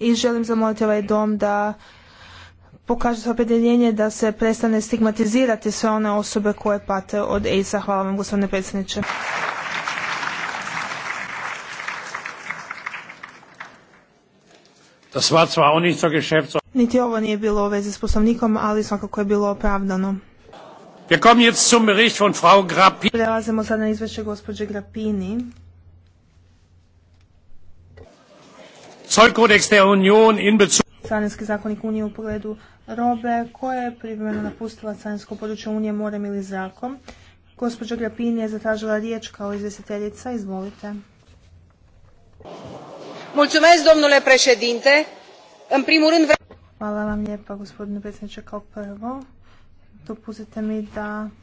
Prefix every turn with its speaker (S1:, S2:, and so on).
S1: i želim zamoliti ovaj dom da pokaže svoje opredjeljenje da se prestane stigmatizirati sve one osobe koje pate od AIDS-a. Hvala vam gospodine predsjedniče. Niti ovo nije bilo u vezi s poslovnikom, ali svakako je bilo opravdano.
S2: Wir kommen
S1: Prelazimo sad na izvješće gospođe Grapini.
S3: Zollkodex der Union in Bezug
S1: Carinski zakonik Unije u pogledu robe koje je privremeno napustila carinsko područje Unije morem ili zrakom. Gospođa Grapin je zatražila riječ kao izvjestiteljica. Izvolite.
S4: Mulțumesc, domnule
S1: președinte. În primul rând Hvala vam lijepa, gospodine predsjedniče, kao prvo. Dopustite mi da